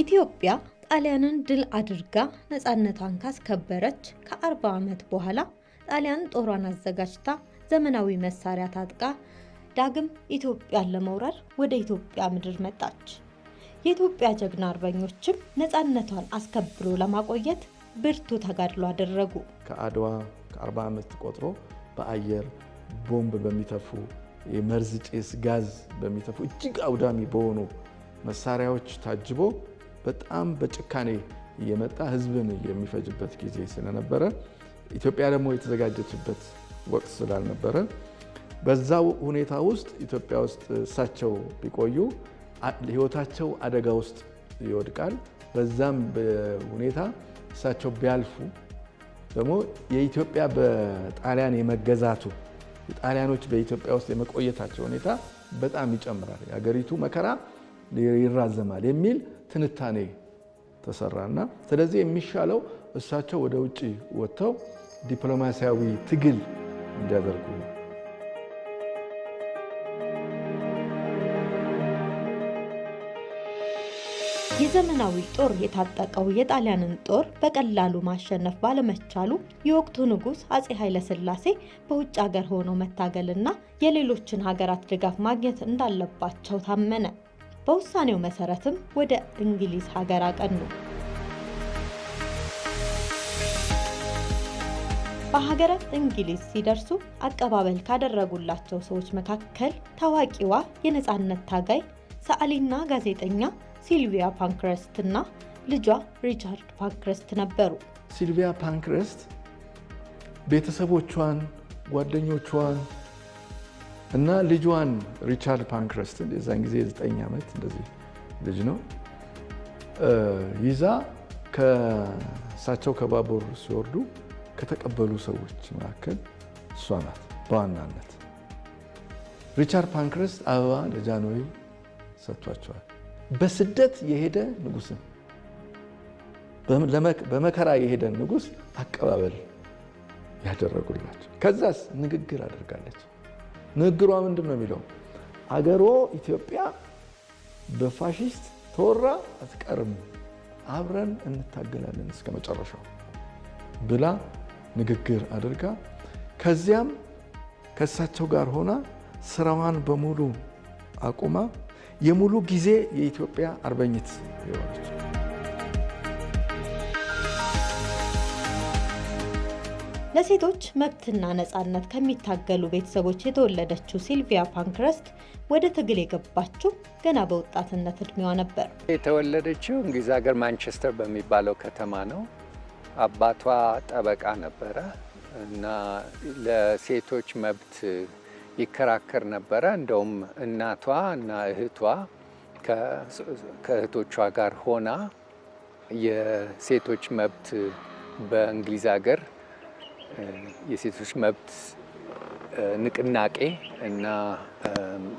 ኢትዮጵያ ጣሊያንን ድል አድርጋ ነፃነቷን ካስከበረች ከ40 ዓመት በኋላ ጣሊያን ጦሯን አዘጋጅታ ዘመናዊ መሳሪያ ታጥቃ ዳግም ኢትዮጵያን ለመውረር ወደ ኢትዮጵያ ምድር መጣች። የኢትዮጵያ ጀግና አርበኞችም ነፃነቷን አስከብሮ ለማቆየት ብርቱ ተጋድሎ አደረጉ። ከአድዋ ከ40 ዓመት ቆጥሮ በአየር ቦምብ በሚተፉ የመርዝ ጭስ ጋዝ በሚተፉ እጅግ አውዳሚ በሆኑ መሳሪያዎች ታጅቦ በጣም በጭካኔ እየመጣ ህዝብን የሚፈጅበት ጊዜ ስለነበረ ኢትዮጵያ ደግሞ የተዘጋጀችበት ወቅት ስላልነበረ በዛ ሁኔታ ውስጥ ኢትዮጵያ ውስጥ እሳቸው ቢቆዩ ህይወታቸው አደጋ ውስጥ ይወድቃል። በዛም ሁኔታ እሳቸው ቢያልፉ ደግሞ የኢትዮጵያ በጣሊያን የመገዛቱ ጣሊያኖች በኢትዮጵያ ውስጥ የመቆየታቸው ሁኔታ በጣም ይጨምራል፣ የሀገሪቱ መከራ ይራዘማል የሚል ትንታኔ ተሰራና ስለዚህ የሚሻለው እሳቸው ወደ ውጭ ወጥተው ዲፕሎማሲያዊ ትግል እንዲያደርጉ ነው። የዘመናዊ ጦር የታጠቀው የጣሊያንን ጦር በቀላሉ ማሸነፍ ባለመቻሉ የወቅቱ ንጉሥ አጼ ኃይለሥላሴ በውጭ ሀገር ሆነው መታገልና የሌሎችን ሀገራት ድጋፍ ማግኘት እንዳለባቸው ታመነ። በውሳኔው መሰረትም ወደ እንግሊዝ ሀገር አቀኑ። በሀገረ እንግሊዝ ሲደርሱ አቀባበል ካደረጉላቸው ሰዎች መካከል ታዋቂዋ የነፃነት ታጋይ ሰዓሊና ጋዜጠኛ ሲልቪያ ፓንክረስት እና ልጇ ሪቻርድ ፓንክረስት ነበሩ። ሲልቪያ ፓንክረስት ቤተሰቦቿን፣ ጓደኞቿን እና ልጇን ሪቻርድ ፓንክረስትን የዛን ጊዜ የዘጠኝ ዓመት እንደዚህ ልጅ ነው ይዛ ከእሳቸው ከባቡር ሲወርዱ ከተቀበሉ ሰዎች መካከል እሷ ናት በዋናነት። ሪቻርድ ፓንክረስት አበባ ለጃንሆይ ሰጥቷቸዋል። በስደት የሄደ ንጉስን በመከራ የሄደን ንጉስ አቀባበል ያደረጉላቸው። ከዛስ ንግግር አድርጋለች። ንግሯ ምንድን ነው የሚለው? አገሮ ኢትዮጵያ በፋሽስት ተወራ አትቀርም፣ አብረን እንታገላለን እስከ መጨረሻው ብላ ንግግር አድርጋ ከዚያም ከእሳቸው ጋር ሆና ስራዋን በሙሉ አቁማ የሙሉ ጊዜ የኢትዮጵያ አርበኝት ሆነች። ለሴቶች መብትና ነጻነት ከሚታገሉ ቤተሰቦች የተወለደችው ሲልቪያ ፓንክረስት ወደ ትግል የገባችው ገና በወጣትነት እድሜዋ ነበር። የተወለደችው እንግሊዝ ሀገር ማንቸስተር በሚባለው ከተማ ነው። አባቷ ጠበቃ ነበረ እና ለሴቶች መብት ይከራከር ነበረ። እንደውም እናቷ እና እህቷ ከእህቶቿ ጋር ሆና የሴቶች መብት በእንግሊዝ ሀገር የሴቶች መብት ንቅናቄ እና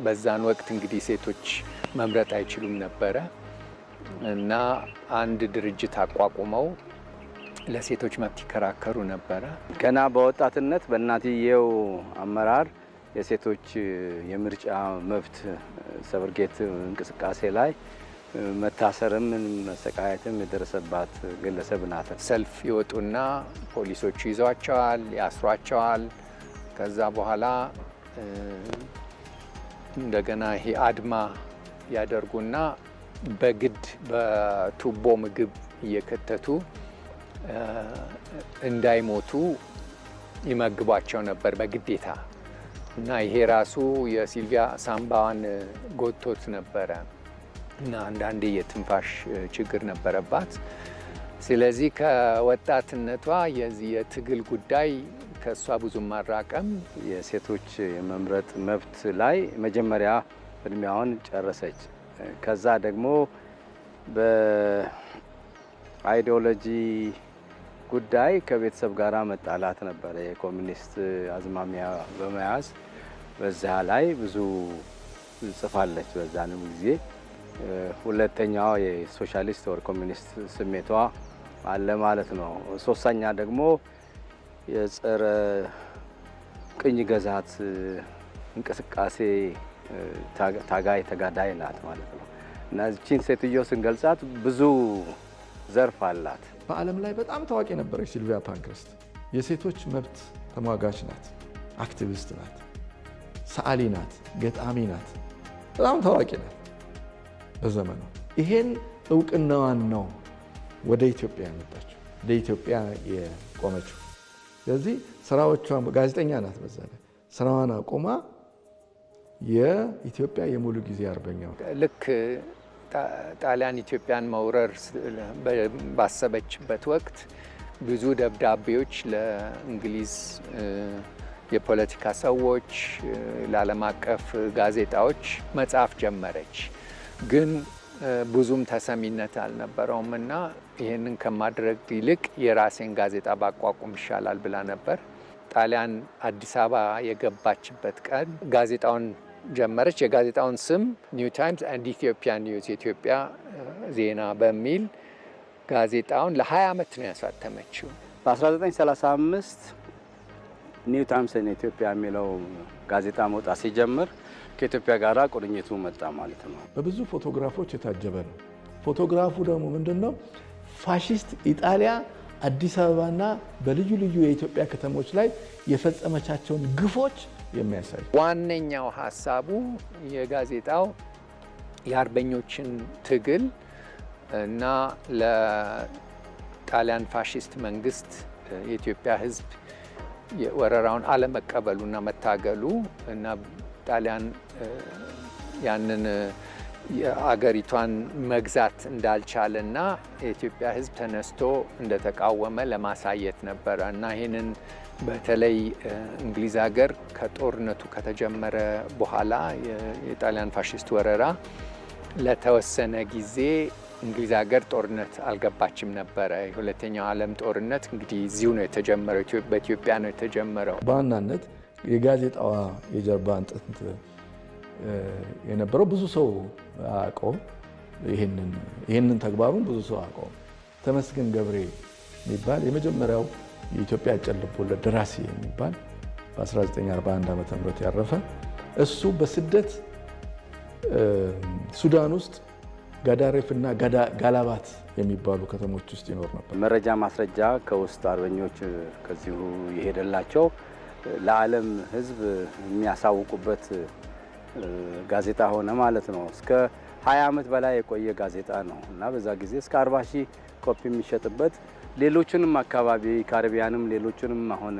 በዛን ወቅት እንግዲህ ሴቶች መምረጥ አይችሉም ነበረ እና አንድ ድርጅት አቋቁመው ለሴቶች መብት ይከራከሩ ነበረ። ገና በወጣትነት በእናትየው አመራር የሴቶች የምርጫ መብት ሰብርጌት እንቅስቃሴ ላይ መታሰርም መሰቃየትም የደረሰባት ግለሰብ ናት። ሰልፍ ይወጡና ፖሊሶቹ ይዘዋቸዋል፣ ያስሯቸዋል። ከዛ በኋላ እንደገና ይሄ አድማ ያደርጉና በግድ በቱቦ ምግብ እየከተቱ እንዳይሞቱ ይመግቧቸው ነበር በግዴታ እና ይሄ ራሱ የሲልቪያ ሳምባዋን ጎቶት ነበረ። እና አንዳንዴ የትንፋሽ ችግር ነበረባት። ስለዚህ ከወጣትነቷ የዚህ የትግል ጉዳይ ከእሷ ብዙ ማራቀም የሴቶች የመምረጥ መብት ላይ መጀመሪያ እድሜያውን ጨረሰች። ከዛ ደግሞ በአይዲዮሎጂ ጉዳይ ከቤተሰብ ጋር መጣላት ነበረ። የኮሚኒስት አዝማሚያ በመያዝ በዛ ላይ ብዙ ጽፋለች። በዛንም ጊዜ ሁለተኛዋ የሶሻሊስት ወር ኮሚኒስት ስሜቷ አለ ማለት ነው። ሶስተኛ ደግሞ የጸረ ቅኝ ገዛት እንቅስቃሴ ታጋይ ተጋዳይ ናት ማለት ነው እና እቺን ሴትዮ ስንገልጻት ብዙ ዘርፍ አላት። በዓለም ላይ በጣም ታዋቂ ነበረች ሲልቪያ ፓንክረስት። የሴቶች መብት ተሟጋች ናት፣ አክቲቪስት ናት፣ ሰዓሊ ናት፣ ገጣሚ ናት፣ በጣም ታዋቂ ናት። በዘመኑ ይሄን እውቅናዋን ነው ወደ ኢትዮጵያ ያመጣችው፣ ኢትዮጵያ የቆመችው። ስለዚህ ስራዎቿ ጋዜጠኛ ናት በዛ ላይ ስራዋን አቁማ የኢትዮጵያ የሙሉ ጊዜ አርበኛው ልክ ጣሊያን ኢትዮጵያን መውረር ባሰበችበት ወቅት ብዙ ደብዳቤዎች ለእንግሊዝ የፖለቲካ ሰዎች፣ ለዓለም አቀፍ ጋዜጣዎች መጻፍ ጀመረች። ግን ብዙም ተሰሚነት አልነበረውም እና ይህንን ከማድረግ ይልቅ የራሴን ጋዜጣ ባቋቁም ይሻላል ብላ ነበር። ጣሊያን አዲስ አበባ የገባችበት ቀን ጋዜጣውን ጀመረች። የጋዜጣውን ስም ኒው ታይምስ አንድ ኢትዮጵያ ኒውስ የኢትዮጵያ ዜና በሚል ጋዜጣውን ለ20 ዓመት ነው ያሳተመችው። በ1935 ኒው ታይምስ ኢትዮጵያ የሚለው ጋዜጣ መውጣት ሲጀምር ከኢትዮጵያ ጋር ቁርኝቱ መጣ ማለት ነው። በብዙ ፎቶግራፎች የታጀበ ነው። ፎቶግራፉ ደግሞ ምንድን ነው? ፋሽስት ኢጣሊያ አዲስ አበባና በልዩ ልዩ የኢትዮጵያ ከተሞች ላይ የፈጸመቻቸውን ግፎች የሚያሳይ ዋነኛው ሀሳቡ የጋዜጣው የአርበኞችን ትግል እና ለጣሊያን ፋሽስት መንግስት የኢትዮጵያ ሕዝብ ወረራውን አለመቀበሉ እና መታገሉ እና ጣሊያን ያንን የአገሪቷን መግዛት እንዳልቻለና የኢትዮጵያ ሕዝብ ተነስቶ እንደተቃወመ ለማሳየት ነበረ እና ይህንን በተለይ እንግሊዝ ሀገር ከጦርነቱ ከተጀመረ በኋላ የጣሊያን ፋሽስት ወረራ ለተወሰነ ጊዜ እንግሊዝ ሀገር ጦርነት አልገባችም ነበረ። የሁለተኛው ዓለም ጦርነት እንግዲህ እዚሁ ነው የተጀመረው፣ በኢትዮጵያ ነው የተጀመረው በዋናነት የጋዜጣዋ የጀርባ አጥንት የነበረው ብዙ ሰው አያውቀውም። ይህንን ተግባሩን ብዙ ሰው አያውቀውም። ተመስገን ገብሬ የሚባል የመጀመሪያው የኢትዮጵያ አጭር ልቦለድ ደራሲ የሚባል በ1941 ዓ ም ያረፈ እሱ በስደት ሱዳን ውስጥ ጋዳሬፍ እና ጋላባት የሚባሉ ከተሞች ውስጥ ይኖር ነበር። መረጃ ማስረጃ ከውስጥ አርበኞች ከዚሁ የሄደላቸው ለዓለም ሕዝብ የሚያሳውቁበት ጋዜጣ ሆነ ማለት ነው። እስከ 20 ዓመት በላይ የቆየ ጋዜጣ ነው እና በዛ ጊዜ እስከ 40 ሺህ ኮፒ የሚሸጥበት ሌሎችንም አካባቢ ካሪቢያንም ሌሎችንም አሁን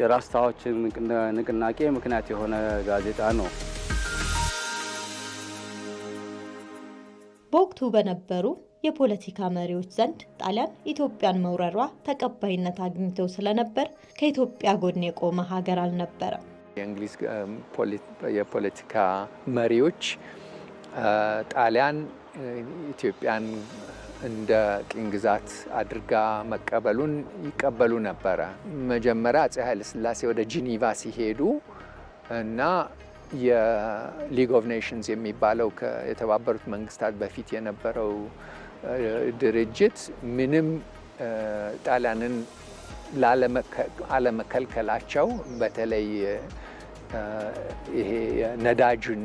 የራስታዎችን ንቅናቄ ምክንያት የሆነ ጋዜጣ ነው። በወቅቱ በነበሩ የፖለቲካ መሪዎች ዘንድ ጣሊያን ኢትዮጵያን መውረሯ ተቀባይነት አግኝቶ ስለነበር ከኢትዮጵያ ጎን የቆመ ሀገር አልነበረም። የእንግሊዝ የፖለቲካ መሪዎች ጣሊያን ኢትዮጵያን እንደ ቅኝ ግዛት አድርጋ መቀበሉን ይቀበሉ ነበረ። መጀመሪያ አፄ ኃይለስላሴ ወደ ጂኒቫ ሲሄዱ እና የሊግ ኦፍ ኔሽንስ የሚባለው የተባበሩት መንግስታት በፊት የነበረው ድርጅት ምንም ጣሊያንን አለመከልከላቸው በተለይ ይሄ ነዳጁን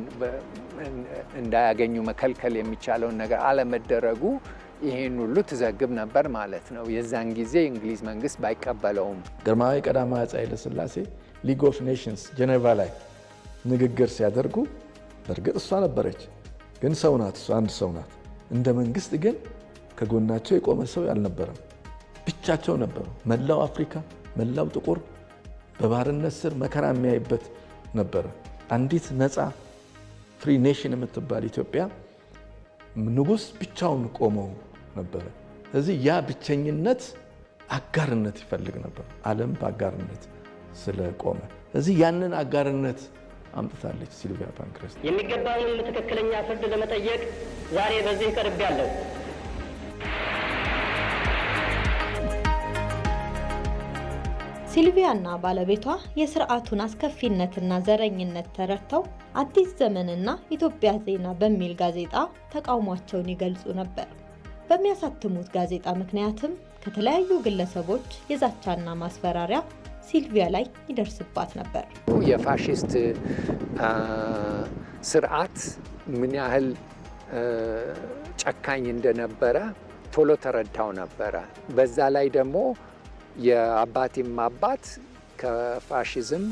እንዳያገኙ መከልከል የሚቻለውን ነገር አለመደረጉ ይህን ሁሉ ትዘግብ ነበር ማለት ነው። የዛን ጊዜ እንግሊዝ መንግስት ባይቀበለውም ግርማዊ ቀዳማዊ አፄ ኃይለስላሴ ሊግ ኦፍ ኔሽንስ ጀኔቫ ላይ ንግግር ሲያደርጉ በእርግጥ እሷ ነበረች፣ ግን ሰው ናት፣ እሷ አንድ ሰው ናት። እንደ መንግስት ግን ከጎናቸው የቆመ ሰው አልነበረም። ብቻቸው ነበሩ። መላው አፍሪካ መላው ጥቁር በባርነት ስር መከራ የሚያይበት ነበረ። አንዲት ነፃ ፍሪ ኔሽን የምትባል ኢትዮጵያ ንጉስ ብቻውን ቆመው ነበረ። ስለዚህ ያ ብቸኝነት አጋርነት ይፈልግ ነበር። ዓለም በአጋርነት ስለቆመ ስለዚህ ያንን አጋርነት አምጥታለች ሲልቪያ ፓንክረስት። የሚገባውንም ትክክለኛ ፍርድ ለመጠየቅ ዛሬ በዚህ ቀርቤያለሁ። ሲልቪያና ባለቤቷ የስርዓቱን አስከፊነትና ዘረኝነት ተረድተው አዲስ ዘመንና ኢትዮጵያ ዜና በሚል ጋዜጣ ተቃውሟቸውን ይገልጹ ነበር። በሚያሳትሙት ጋዜጣ ምክንያትም ከተለያዩ ግለሰቦች የዛቻና ማስፈራሪያ ሲልቪያ ላይ ይደርስባት ነበር። የፋሽስት ስርዓት ምን ያህል ጨካኝ እንደነበረ ቶሎ ተረዳው ነበረ። በዛ ላይ ደግሞ የአባቴም አባት ከፋሽዝም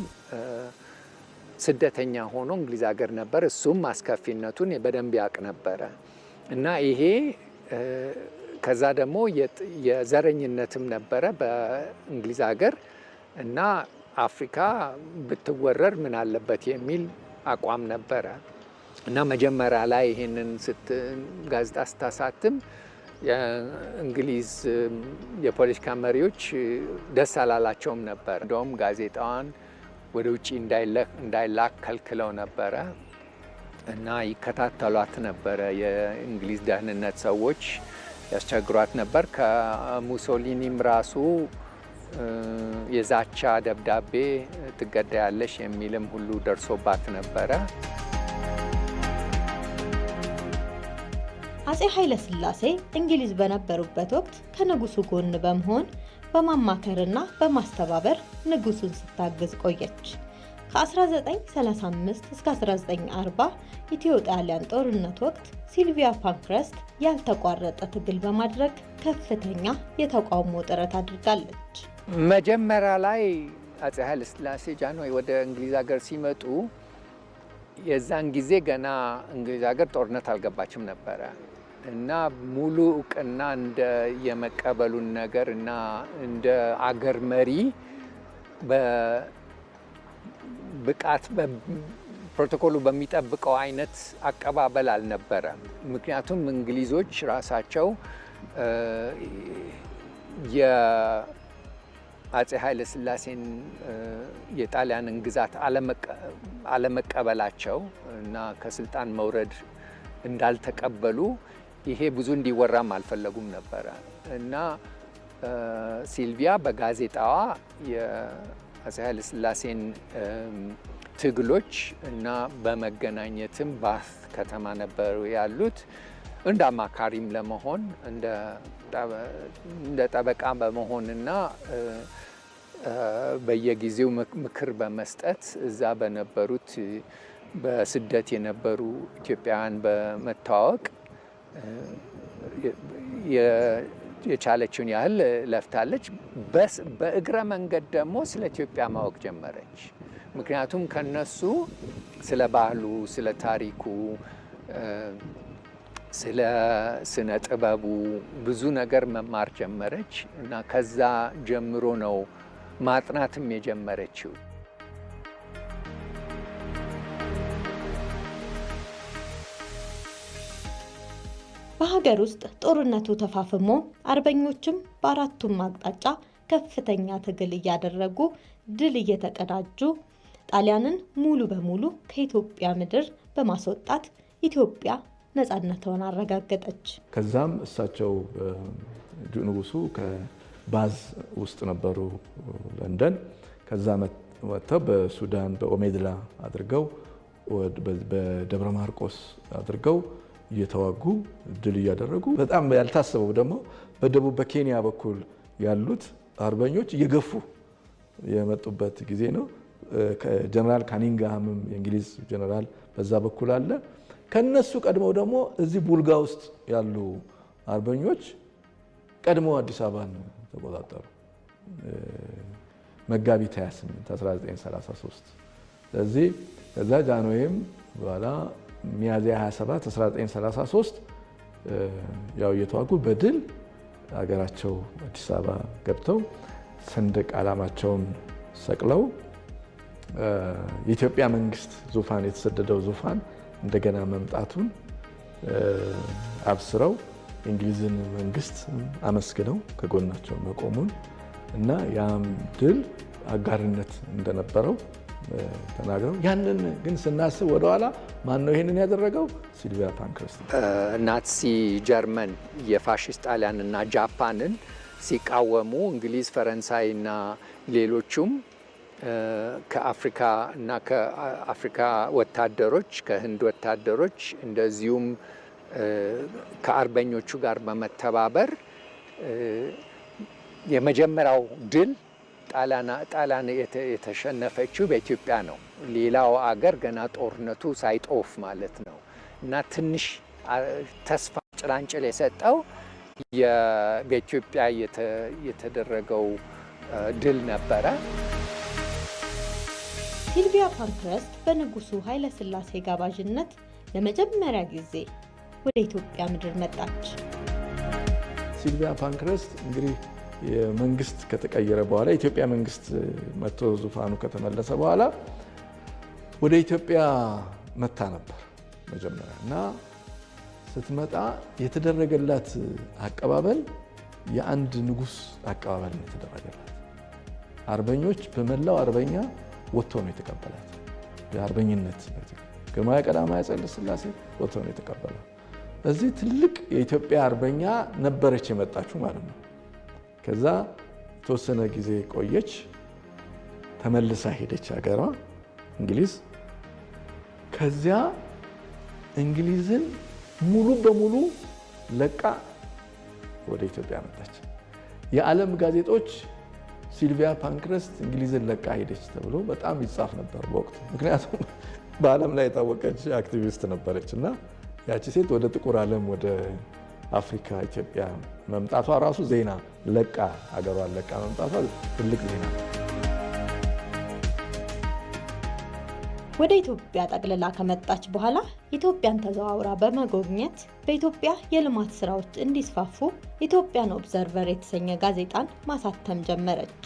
ስደተኛ ሆኖ እንግሊዝ ሀገር ነበር። እሱም አስከፊነቱን በደንብ ያውቅ ነበረ እና ይሄ ከዛ ደግሞ የዘረኝነትም ነበረ በእንግሊዝ ሀገር እና አፍሪካ ብትወረር ምን አለበት የሚል አቋም ነበረ እና መጀመሪያ ላይ ይህንን ጋዜጣ ስታሳትም የእንግሊዝ የፖለቲካ መሪዎች ደስ አላላቸውም ነበር። እንደውም ጋዜጣዋን ወደ ውጭ እንዳይላክ ከልክለው ነበረ እና ይከታተሏት ነበረ። የእንግሊዝ ደህንነት ሰዎች ያስቸግሯት ነበር። ከሙሶሊኒም ራሱ የዛቻ ደብዳቤ ትገዳያለሽ የሚልም ሁሉ ደርሶባት ነበረ። አጼ ኃይለ ስላሴ እንግሊዝ በነበሩበት ወቅት ከንጉሱ ጎን በመሆን በማማከርና በማስተባበር ንጉሱን ስታግዝ ቆየች። ከ1935 እስከ 1940 ኢትዮ ጣሊያን ጦርነት ወቅት ሲልቪያ ፓንክረስት ያልተቋረጠ ትግል በማድረግ ከፍተኛ የተቃውሞ ጥረት አድርጋለች። መጀመሪያ ላይ አጼ ኃይለ ሥላሴ ጃንሆይ ወደ እንግሊዝ ሀገር ሲመጡ የዛን ጊዜ ገና እንግሊዝ ሀገር ጦርነት አልገባችም ነበረ እና ሙሉ እውቅና እንደ የመቀበሉን ነገር እና እንደ አገር መሪ በብቃት ፕሮቶኮሉ በሚጠብቀው አይነት አቀባበል አልነበረም። ምክንያቱም እንግሊዞች ራሳቸው የአጼ ኃይለ ስላሴን የጣሊያንን ግዛት አለመቀበላቸው እና ከስልጣን መውረድ እንዳልተቀበሉ ይሄ ብዙ እንዲወራም አልፈለጉም ነበረ እና ሲልቪያ በጋዜጣዋ አፄ ኃይለ ሥላሴን ትግሎች እና በመገናኘትም ባስ ከተማ ነበሩ ያሉት። እንደ አማካሪም ለመሆን እንደ ጠበቃ በመሆንና በየጊዜው ምክር በመስጠት እዛ በነበሩት በስደት የነበሩ ኢትዮጵያውያን በመታወቅ የቻለችውን ያህል ለፍታለች። በእግረ መንገድ ደግሞ ስለ ኢትዮጵያ ማወቅ ጀመረች። ምክንያቱም ከነሱ ስለ ባህሉ፣ ስለ ታሪኩ፣ ስለ ስነ ጥበቡ ብዙ ነገር መማር ጀመረች እና ከዛ ጀምሮ ነው ማጥናትም የጀመረችው። በሀገር ውስጥ ጦርነቱ ተፋፍሞ አርበኞችም በአራቱም አቅጣጫ ከፍተኛ ትግል እያደረጉ ድል እየተቀዳጁ ጣሊያንን ሙሉ በሙሉ ከኢትዮጵያ ምድር በማስወጣት ኢትዮጵያ ነፃነቷን አረጋገጠች። ከዛም እሳቸው ንጉሱ ከባዝ ውስጥ ነበሩ ለንደን። ከዛ ወጥተው በሱዳን በኦሜድላ አድርገው በደብረ ማርቆስ አድርገው እየተዋጉ ድል እያደረጉ በጣም ያልታሰበው ደግሞ በደቡብ በኬንያ በኩል ያሉት አርበኞች እየገፉ የመጡበት ጊዜ ነው። ጀነራል ካኒንግሃምም የእንግሊዝ ጀነራል በዛ በኩል አለ። ከነሱ ቀድመው ደግሞ እዚህ ቡልጋ ውስጥ ያሉ አርበኞች ቀድመው አዲስ አበባን ተቆጣጠሩ። መጋቢት 28 1933 ስለዚህ ከዛ ጃንሆይም በኋላ ሚያዝያ 27 1933 ያው እየተዋጉ በድል አገራቸው አዲስ አበባ ገብተው ሰንደቅ ዓላማቸውን ሰቅለው የኢትዮጵያ መንግስት ዙፋን የተሰደደው ዙፋን እንደገና መምጣቱን አብስረው የእንግሊዝን መንግስት አመስግነው ከጎናቸው መቆሙን እና ያም ድል አጋርነት እንደነበረው ተናግረው ያንን ግን ስናስብ ወደኋላ ማን ነው ይህንን ያደረገው? ሲልቪያ ፓንክረስት። ናሲ ጀርመን የፋሽስት ጣሊያንና ጃፓንን ሲቃወሙ እንግሊዝ፣ ፈረንሳይና ሌሎቹም ከአፍሪካ እና ከአፍሪካ ወታደሮች ከህንድ ወታደሮች እንደዚሁም ከአርበኞቹ ጋር በመተባበር የመጀመሪያው ድል ጣሊያን የተሸነፈችው በኢትዮጵያ ነው። ሌላው አገር ገና ጦርነቱ ሳይጦፍ ማለት ነው እና ትንሽ ተስፋ ጭላንጭል የሰጠው በኢትዮጵያ የተደረገው ድል ነበረ። ሲልቪያ ፓንክረስት በንጉሱ ኃይለስላሴ ጋባዥነት ለመጀመሪያ ጊዜ ወደ ኢትዮጵያ ምድር መጣች። ሲልቪያ ፓንክረስት እንግዲህ መንግስት ከተቀየረ በኋላ የኢትዮጵያ መንግስት መቶ ዙፋኑ ከተመለሰ በኋላ ወደ ኢትዮጵያ መታ ነበር መጀመሪያ እና ስትመጣ የተደረገላት አቀባበል የአንድ ንጉስ አቀባበል ነው የተደረገላት። አርበኞች በመላው አርበኛ ወጥቶ ነው የተቀበላት። የአርበኝነት ግርማዊ ቀዳማዊ ኃይለ ሥላሴ ወጥቶ ነው የተቀበላት። እዚህ ትልቅ የኢትዮጵያ አርበኛ ነበረች የመጣችው ማለት ነው። ከዛ የተወሰነ ጊዜ ቆየች፣ ተመልሳ ሄደች ሀገሯ እንግሊዝ። ከዚያ እንግሊዝን ሙሉ በሙሉ ለቃ ወደ ኢትዮጵያ መጣች። የዓለም ጋዜጦች ሲልቪያ ፓንክረስት እንግሊዝን ለቃ ሄደች ተብሎ በጣም ይጻፍ ነበር በወቅቱ። ምክንያቱም በዓለም ላይ የታወቀች አክቲቪስት ነበረች እና ያቺ ሴት ወደ ጥቁር ዓለም ወደ አፍሪካ ኢትዮጵያ መምጣቷ ራሱ ዜና ለቃ ሀገሯን ለቃ መምጣቷ ትልቅ ዜና። ወደ ኢትዮጵያ ጠቅልላ ከመጣች በኋላ ኢትዮጵያን ተዘዋውራ በመጎብኘት በኢትዮጵያ የልማት ስራዎች እንዲስፋፉ ኢትዮጵያን ኦብዘርቨር የተሰኘ ጋዜጣን ማሳተም ጀመረች።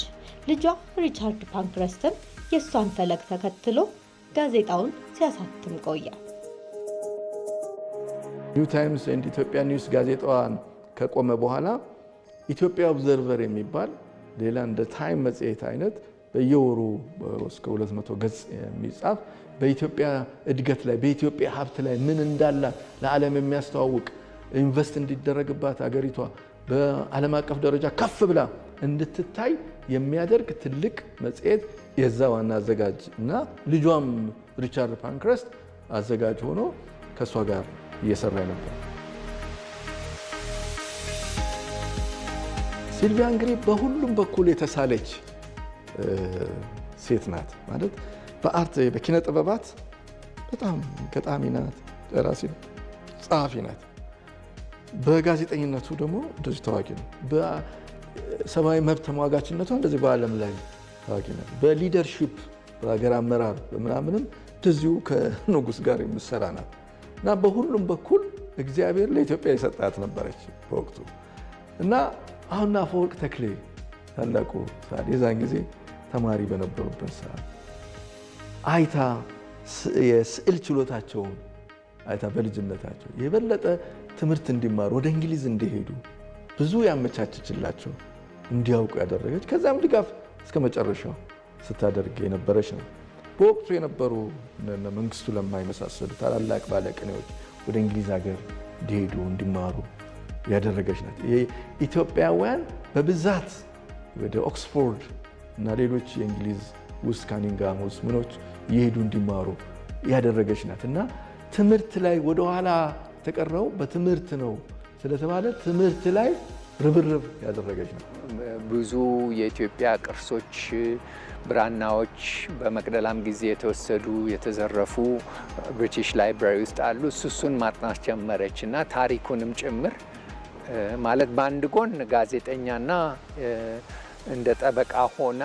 ልጇ ሪቻርድ ፓንክረስትም የእሷን ፈለግ ተከትሎ ጋዜጣውን ሲያሳትም ቆያል። ኒው ታይምስ ኤንድ ኢትዮጵያ ኒውስ ጋዜጣዋን ከቆመ በኋላ ኢትዮጵያ ኦብዘርቨር የሚባል ሌላ እንደ ታይም መጽሔት አይነት በየወሩ እስከ 200 ገጽ የሚጻፍ በኢትዮጵያ እድገት ላይ በኢትዮጵያ ሀብት ላይ ምን እንዳላት ለዓለም የሚያስተዋውቅ ኢንቨስት እንዲደረግባት አገሪቷ በዓለም አቀፍ ደረጃ ከፍ ብላ እንድትታይ የሚያደርግ ትልቅ መጽሔት የዛ ዋና አዘጋጅ እና ልጇም ሪቻርድ ፓንክረስት አዘጋጅ ሆኖ ከእሷ ጋር እየሰራ ነበር። ሲልቪያ እንግዲህ በሁሉም በኩል የተሳለች ሴት ናት ማለት በአርት በኪነ ጥበባት በጣም ገጣሚ ናት፣ ደራሲ ናት፣ ጸሐፊ ናት። በጋዜጠኝነቱ ደግሞ እንደዚህ ታዋቂ ነው። በሰብአዊ መብት ተሟጋችነቷ እንደዚህ በዓለም ላይ ታዋቂ ናት። በሊደርሺፕ በሀገር አመራር በምናምንም እንደዚሁ ከንጉስ ጋር የምትሰራ ናት። እና በሁሉም በኩል እግዚአብሔር ለኢትዮጵያ የሰጣት ነበረች በወቅቱ እና አሁን አፈወርቅ ተክሌ ታላቁ ሰዓሊ የዛን ጊዜ ተማሪ በነበሩበት ሰዓት አይታ የስዕል ችሎታቸውን አይታ በልጅነታቸው የበለጠ ትምህርት እንዲማሩ ወደ እንግሊዝ እንዲሄዱ ብዙ ያመቻችችላቸው እንዲያውቁ ያደረገች ከዚያም ድጋፍ እስከ መጨረሻው ስታደርግ የነበረች ነው። በወቅቱ የነበሩ መንግስቱ ለማ የመሳሰሉ ታላላቅ ባለቅኔዎች ወደ እንግሊዝ ሀገር እንዲሄዱ እንዲማሩ ያደረገች ናት። ኢትዮጵያውያን በብዛት ወደ ኦክስፎርድ እና ሌሎች የእንግሊዝ ውስጥ ካኒንግሃም ውስጥ ምኖች እየሄዱ እንዲማሩ ያደረገች ናት እና ትምህርት ላይ ወደኋላ ተቀረው በትምህርት ነው ስለተባለ ትምህርት ላይ ርብርብ ያደረገች ነው። ብዙ የኢትዮጵያ ቅርሶች ብራናዎች በመቅደላም ጊዜ የተወሰዱ የተዘረፉ ብሪቲሽ ላይብራሪ ውስጥ አሉ። እሱሱን ማጥናት ጀመረች እና ታሪኩንም ጭምር ማለት በአንድ ጎን ጋዜጠኛና እንደ ጠበቃ ሆና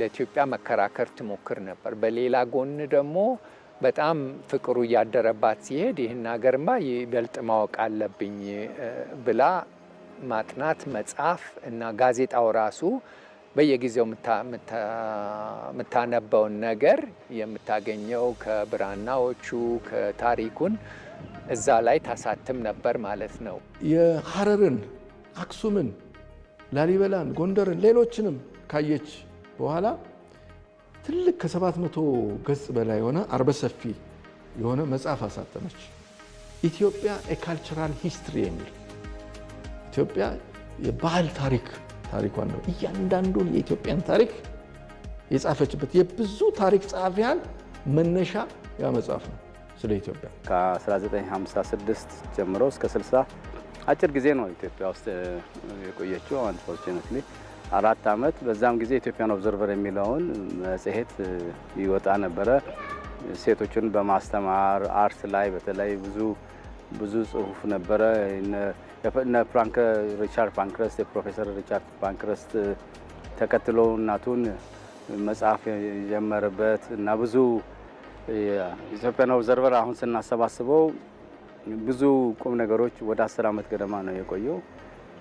ለኢትዮጵያ መከራከር ትሞክር ነበር። በሌላ ጎን ደግሞ በጣም ፍቅሩ እያደረባት ሲሄድ ይህን ሀገርማ ይበልጥ ማወቅ አለብኝ ብላ ማጥናት መጻፍ እና ጋዜጣው ራሱ በየጊዜው የምታነበውን ነገር የምታገኘው ከብራናዎቹ ከታሪኩን እዛ ላይ ታሳትም ነበር ማለት ነው። የሐረርን፣ አክሱምን፣ ላሊበላን፣ ጎንደርን፣ ሌሎችንም ካየች በኋላ ትልቅ ከ700 ገጽ በላይ የሆነ አርበ ሰፊ የሆነ መጽሐፍ አሳተመች። ኢትዮጵያ የካልቸራል ሂስትሪ የሚል ኢትዮጵያ የባህል ታሪክ ታሪኳን ነው። እያንዳንዱን የኢትዮጵያን ታሪክ የጻፈችበት የብዙ ታሪክ ጸሐፊያን መነሻ ያ መጽሐፍ ነው። ስለ ኢትዮጵያ ከ1956 ጀምሮ እስከ 60 አጭር ጊዜ ነው ኢትዮጵያ ውስጥ የቆየችው። አንፎርቹኔትሊ አራት ዓመት። በዛም ጊዜ ኢትዮጵያን ኦብዘርቨር የሚለውን መጽሔት ይወጣ ነበረ። ሴቶችን በማስተማር አርት ላይ በተለይ ብዙ ብዙ ጽሁፍ ነበረ። ፍራንክ ሪቻርድ ፓንክረስት የፕሮፌሰር ሪቻርድ ፓንክረስት ተከትሎ እናቱን መጽሐፍ የጀመረበት እና ብዙ ኢትዮጵያን ኦብዘርቨር አሁን ስናሰባስበው ብዙ ቁም ነገሮች ወደ አስር ዓመት ገደማ ነው የቆየው።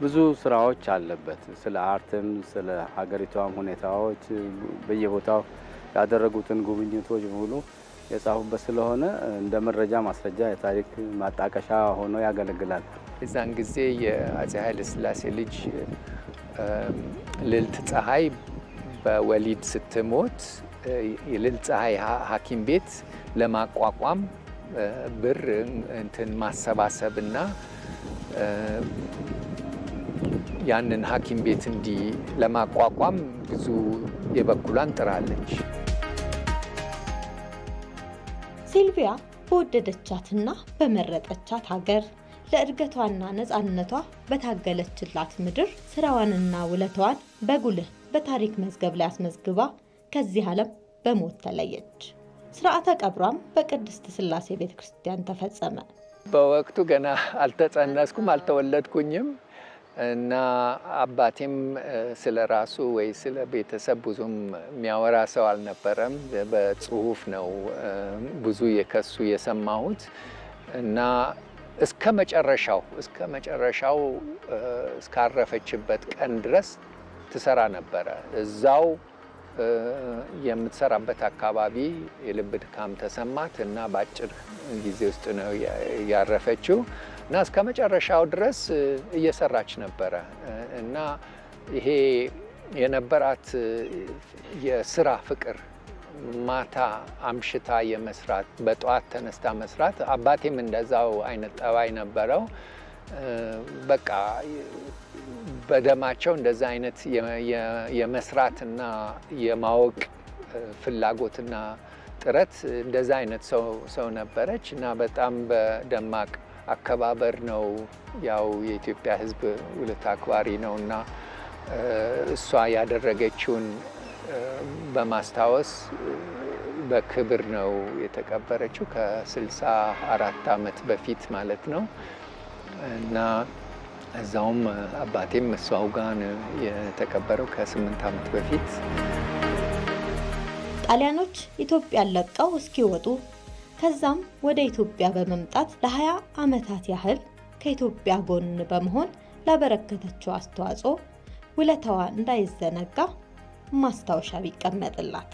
ብዙ ስራዎች አለበት። ስለ አርትም ስለ ሀገሪቷም ሁኔታዎች በየቦታው ያደረጉትን ጉብኝቶች በሙሉ የጻፉበት ስለሆነ እንደ መረጃ ማስረጃ የታሪክ ማጣቀሻ ሆኖ ያገለግላል። የዛን ጊዜ የአፄ ኃይለ ሥላሴ ልጅ ልዕልት ፀሐይ በወሊድ ስትሞት የልዕልት ፀሐይ ሐኪም ቤት ለማቋቋም ብር እንትን ማሰባሰብና ያንን ሐኪም ቤት እንዲ ለማቋቋም ብዙ የበኩሏን ጥራለች። ሲልቪያ በወደደቻትና በመረጠቻት ሀገር ለእድገቷና ነፃነቷ በታገለችላት ምድር ስራዋንና ውለታዋን በጉልህ በታሪክ መዝገብ ላይ አስመዝግባ ከዚህ ዓለም በሞት ተለየች። ስርዓተ ቀብሯም በቅድስት ስላሴ ቤተ ክርስቲያን ተፈጸመ። በወቅቱ ገና አልተጸነስኩም፣ አልተወለድኩኝም። እና አባቴም ስለ ራሱ ወይ ስለ ቤተሰብ ብዙም የሚያወራ ሰው አልነበረም። በጽሁፍ ነው ብዙ የከሱ የሰማሁት እና እስከ መጨረሻው እስከ መጨረሻው እስካረፈችበት ቀን ድረስ ትሰራ ነበረ። እዛው የምትሰራበት አካባቢ የልብ ድካም ተሰማት እና በአጭር ጊዜ ውስጥ ነው ያረፈችው። እና እስከ መጨረሻው ድረስ እየሰራች ነበረ እና ይሄ የነበራት የስራ ፍቅር ማታ አምሽታ የመስራት በጠዋት ተነስታ መስራት። አባቴም እንደዛው አይነት ጠባይ ነበረው። በቃ በደማቸው እንደዛ አይነት የመስራትና የማወቅ ፍላጎትና ጥረት እንደዛ አይነት ሰው ነበረች እና በጣም በደማቅ አከባበር ነው። ያው የኢትዮጵያ ሕዝብ ውለታ አክባሪ ነው እና እሷ ያደረገችውን በማስታወስ በክብር ነው የተቀበረችው ከስልሳ አራት ዓመት በፊት ማለት ነው እና እዛውም አባቴም እሷው ጋር የተቀበረው ከስምንት ዓመት በፊት ጣሊያኖች ኢትዮጵያን ለቀው እስኪወጡ ከዛም ወደ ኢትዮጵያ በመምጣት ለ20 ዓመታት ያህል ከኢትዮጵያ ጎን በመሆን ላበረከተችው አስተዋጽኦ ውለታዋ እንዳይዘነጋ ማስታወሻ ቢቀመጥላት